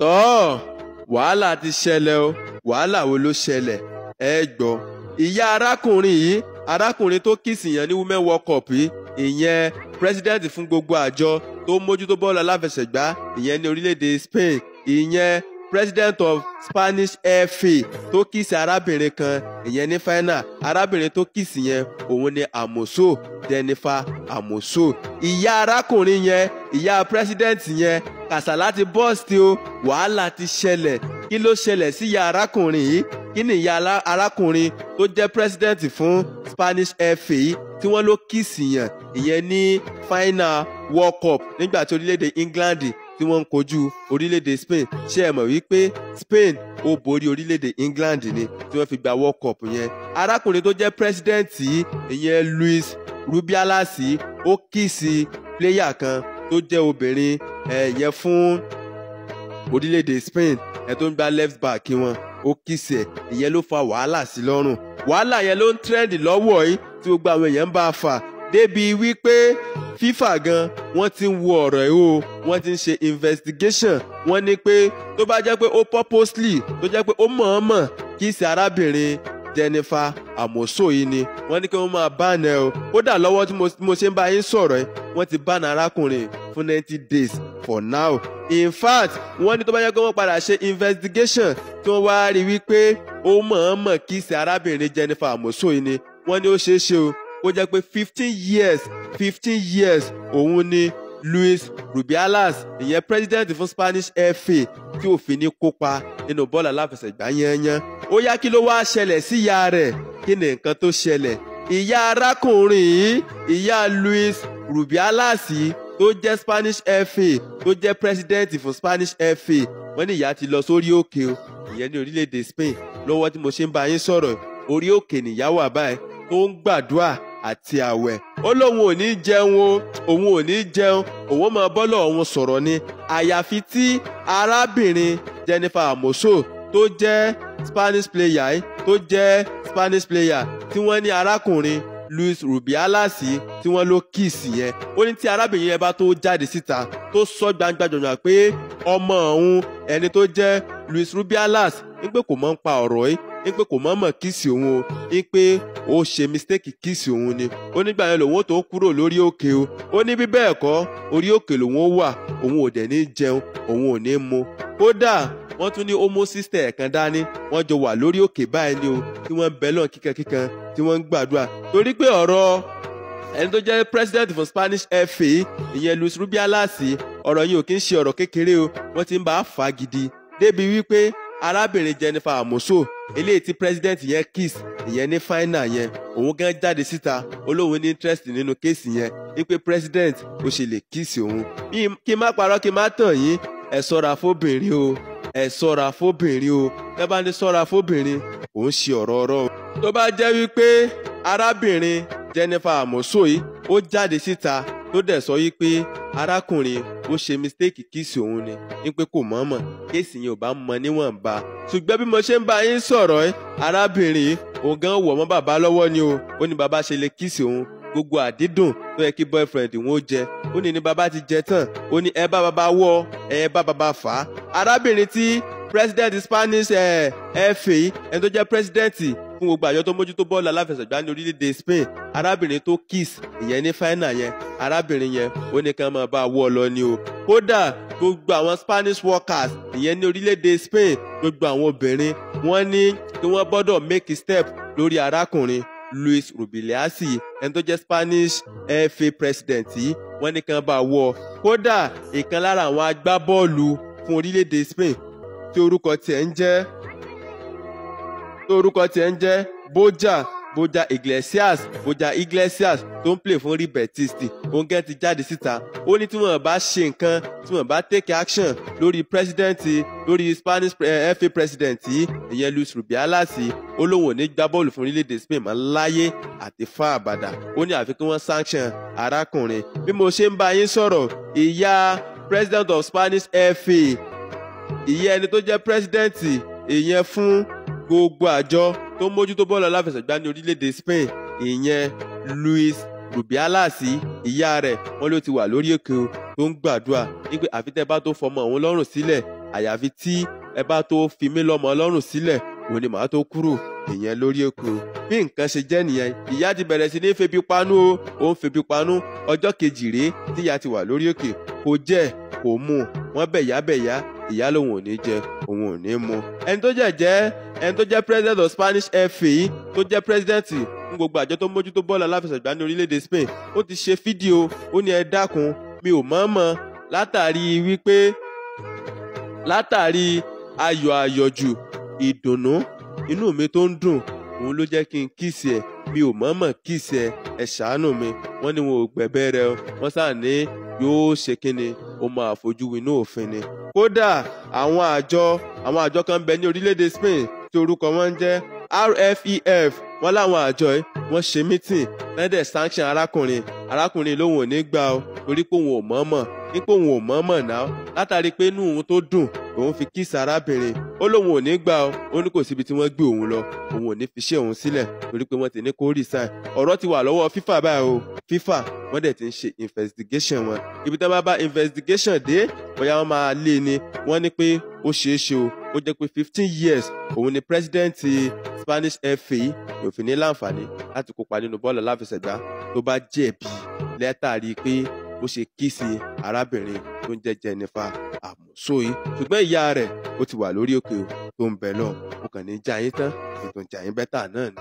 tọ́ wàhálà ti ṣẹlẹ̀ o wàhálà wo ló ṣẹlẹ̀ ẹ gbọ́ ìyá arákùnrin yìí arákùnrin tó kíìsì yẹn ní women world cup yìí ìyẹn president fún gbogbo àjọ tó mójútó bọ́ọ̀lù aláfẹsẹ̀gbá ìyẹn ní orílẹ̀-èdè Spain ìyẹn president of Spanish FA tó kìsì arábìnrin kan ìyẹn ní final arábìnrin tó kìsì yẹn òun ni Amoso Denifa Amoso ìyá arákùnrin yẹn ìyá president yẹn kàsà láti bọ́ọ̀sì o wàhálà ti ṣẹlẹ̀ kí ló ṣẹlẹ̀ sí ìyá arákùnrin yìí kí ni ìyá arákùnrin tó jẹ́ president fún Spanish FA tí wọ́n ló kìsì yàn ìyẹn ní final World Cup nígbà tí orílẹ̀-èdè England tí wọ́n ń kojú orílẹ̀-èdè Spain ṣé ẹ mọ̀ wípé Spain ó borí orílẹ̀-èdè England ni tí wọ́n fi gba World Cup yẹn arákùnrin tó jẹ́ pírẹsidẹ́ǹtì ìyẹn Luis Rubiales ó kìsì player kan tó jẹ́ obìnrin ẹ̀yẹ fún orílẹ̀-èdè Spain ẹ̀ tó ń gba left back wọn ó kìsì ẹ̀ ìyẹn ló fa wàhálà sí lọ́rùn wàhálà yẹn ló ń tírẹ́ǹdì lọ́wọ́ yìí tí gbogbo àwọn èèyàn ń bá a fà débi wípé FIFA gan wọ́n ti ń wo ọ̀rọ̀ yìí o wọ́n ti ń ṣe investigation wọ́n ní pé tó bá jẹ́ pé ó purposely tó jẹ́ pé ó mọ̀ọ́mọ̀ kí sí arábìnrin Jennifer Amoso yìí ni wọ́n ní kí wọ́n máa bánà o kódà lọ́wọ́ tí mo ṣe ń bá yín sọ̀rọ̀ yìí wọ́n ti bánà arákùnrin fún ninety days for now in fact wọ́n ní tó bá jẹ́ pé wọ́n padà ṣe investigation tí wọ́n wá rí wípé ó mọ̀ọ́mọ̀ kí sí arábìnrin Jennifer Amoso yìí ni wọ́n ní ó ṣeé ṣe o ó jẹ́ pé fifteen years fifteen years òun ni Luis Rubiales ìyẹn president fún Spanish FA tí ò fi ní kópa nínú bọ́ọ̀lù aláfẹsẹ̀gbá yẹnyẹn ó yá kí ló wá ṣẹlẹ̀ sí ìyá rẹ̀ kí ni nǹkan tó ṣẹlẹ̀ ìyá arákùnrin yìí ìyá Luis Rubiales tó jẹ́ Spanish FA tó jẹ́ president fún Spanish FA wọ́n ní ìyá ti lọ sórí òkè o ìyẹn ní orílẹ̀-èdè Spain lọ́wọ́ tí mo ṣe ń bá yín sọ̀rọ̀ orí òkè nìyá wà tó ń gbàdúrà àti àwẹ̀ ó lóun ò ní jẹun o òun ò ní jẹun òun máa bọ́lọ̀ òun sọ̀rọ̀ ni àyàfi tí arábìnrin Jennifer Amoso tó jẹ́ Spanish player eh? tó jẹ́ Spanish player tí wọ́n ní arákùnrin Luis Rubiales tí wọ́n ló kíìsì yẹn ó ní tí arábìnrin yẹn bá tó jáde síta tó sọ gbangba jọ̀jọ̀ pé ọmọ òun ẹni tó jẹ́ Luis Rubiales ń pé kò mọ̀ ń pa ọ̀rọ̀ yìí ń pé kò mọ̀ọ́mọ̀ kíìsì òun o ń pé ó ṣe mistake kíìsì òun ni ó nígbà yẹn lòun ó tó kúrò lórí òkè o ó ní bí bẹ́ẹ̀ kọ́ orí òkè lòun ó wà òun ò dẹ̀ ní jẹun òun ò ní mu kódà wọ́n tún ní homo sister ẹ̀kan dání wọ́n jọ wà lórí òkè báyìí ni o tí wọ́n ń bẹ lọ́n kíkankíkan tí wọ́n ń gbàdúrà torí pé ọ̀rọ̀ ẹni tó jẹ́ president fún Spanish FA ìyẹn Luis Rubiales ọ̀rọ̀ yìí ò kí ń ṣe ọ̀rọ̀ kékeré o wọ́n ti ń bá a fà á gidi débi wípé arábìnrin jennifer amoso eléyìí tí president yẹn kiss ìyẹn ní final yẹn òun gan jáde síta olóhùn ní interest nínú kéèsì yẹn wípé president ó ṣe lè kiss òun kí n má parọ́ kí n má tàn yín ẹ ṣọ́ra fóbìnrin o ẹ ṣọ́ra fóbìnrin o tẹ́ bá ní ṣọ́ra fóbìnrin òun ṣe ọ̀rọ̀ ọ̀rọ̀ o. tó bá jẹ́ wípé arábìnrin jennifer amoso yìí ó jáde síta tó dẹ̀ sọ yí pé arákùnrin ó ṣe mistake kíìsì òun ni ní pé kò mọ̀ọ́mọ̀ kéèsì yẹn ò bá mọ níwọ̀nba ṣùgbọ́n bí mo ṣe ń bá yín sọ̀rọ̀ ẹ́ arábìnrin òun gan wọ̀ mọ́ bàbá lọ́wọ́ ni o ó ní bàbá ṣe lè kíìsì òun gbogbo àdídùn tó yẹ kí boyfriend wọn ó jẹ ó ní ní bàbá ti jẹ tán ó ní ẹ bá bàbá wọ ẹ bá bàbá fà á arábìnrin tí president spanish eh, fa ẹni tó jẹ́ president fún gbogbo àjọ tó mójútó bọ́ọ̀lù aláfẹsẹ̀gbá ní orílẹ̀-èdè spain arábìnrin tó kiss ìyẹn ní fáínà yẹn arábìnrin yẹn ó ní ká máa bá a wọ́ ọ lọ ni o kódà gbogbo àwọn spanish workers ìyẹn ní orílẹ̀-èdè spain gbogbo àwọn obìnrin wọ́n ní kí wọ́n gbọ́dọ̀ make step lórí arákùnrin luis rubilási ẹni tó jẹ́ spanish fa president yìí wọ́n ní ká bá a wọ́ ọ kódà ìkan lára àwọn agbábọ́ọ̀lù fún orílẹ̀-èdè spain tí orúkọ tiẹ̀ ń jẹ́ tó orúkọ tiẹ̀ ń jẹ́ Borja Borja Iglesias Borja Iglesias tó ń play fún Real Betis oúnjẹ ti jáde síta ó ní tí wọ́n bá ṣe nǹkan tí wọ́n bá take action lórí president lórí Spanish eh, FA president yìí ìyẹn Luis Rubiales ó lóun ò ní gbá bọ́ọ̀lù fún orílẹ̀-èdè Spain mọ́ láyé àti fún àbàdà ó ní àfi kí sanction arákùnrin bí mo ṣe ń bá yín sọ̀rọ̀ ìyá president of Spanish FA ìyẹn ẹni tó jẹ́ pírẹ́sidẹ́ǹtì ìyẹn fún gbogbo àjọ tó mójútó bọ́ọ̀lù aláfẹsẹ̀gbá ní orílẹ̀-èdè Spain ìyẹn Luis Rubiales ìyá rẹ̀ wọ́n ló ti wà lórí èkó tó ń gbàdúrà wípé àfi tẹ́ bá tó fọmọ òun lọ́rùn sílẹ̀ àyàfi tí ẹ bá tó fi mí lọ́mọ lọ́rùn sílẹ̀ òun ni màá tó kúrò ìyẹn lórí èkó bí nǹkan ṣe jẹ́ nìyẹn ìyá ti bẹ̀rẹ̀ sí ní febi panú o ó febi panú ọjọ́ kejì rèé tíyà ti wà lórí òkè kò jẹ́ kò mu wọ́n bẹ̀yà bẹ̀yà ìyá lòun ò ní jẹ òun ò ní mu. ẹni tó jẹ́ jẹ́ ẹni tó jẹ́ president of Spanish FA e, tó jẹ́ president fún gbogbo àjọ tó ń mójútó bọ́ọ̀lù aláfẹsẹ̀gbá ní orílẹ̀-èdè Spain ó ti ṣe fídíò ó ní ẹ dákun mi ò mọ̀ọ́mọ̀ látàrí wípé látàrí ayọ̀ àyọ̀jù ìdùnnú inú mi tó ń dùn òun ló jẹ́ kí n kíìsì ẹ̀ mi ò mọ̀ọ́mọ̀ kíìsì ẹ̀ ẹ̀ ṣàánú mi wọ́n ní wọn ò gbẹ̀bẹ̀ rẹ wọ́n sáà ní yóò ṣe kí ni ó máa fojú winú òfin ni. kódà àwọn àjọ àwọn àjọ kan bẹ ní orílẹ̀-èdè Spain tí orúkọ wọn ń jẹ́ RFEF wọn láwọn àjọ yìí wọ́n ṣe mítìn lẹ́dẹ̀ sanction arákùnrin arákùnrin lòun ò ní gbà ó torí pé òun ò mọ̀ọ́mọ̀ ní pé òun ò mọ̀ọ́mọ̀ náà látàrí pé inú òun tó dùn òun fi kíìsì arábìnrin ó lóun ò ní gbà ọ ó ní kò síbi tí wọ́n gbé òun lọ òun ò ní fi ṣe òun sílẹ̀ torí pé wọ́n ti ní kó resign ọ̀rọ̀ ti wà lọ́wọ́ fífà báyìí o fífà wọ́n dẹ̀ ti ń ṣe investigation wọn ibi tí wọ́n bá bá investigation dé bóyá wọ́n máa lé e ni wọ́n ní pé ó ṣeé ṣe o ó jẹ́ pé fifteen years òun ni president Spanish FA kò fi ní láǹfààní láti kópa nínú bọ́ọ̀lù aláfẹsẹ̀gbá tó bá jẹ̀bi lẹ́tàrí pé ó ṣe kíìsì arábìnrin tó ń jẹ́ Jennifer so yìí ṣùgbọ́n ìyá rẹ̀ ó ti wà lórí òkè o tó ń bẹ lọ o kàn ní jayín tán ètò ìjàyín bẹ́tà náà ni.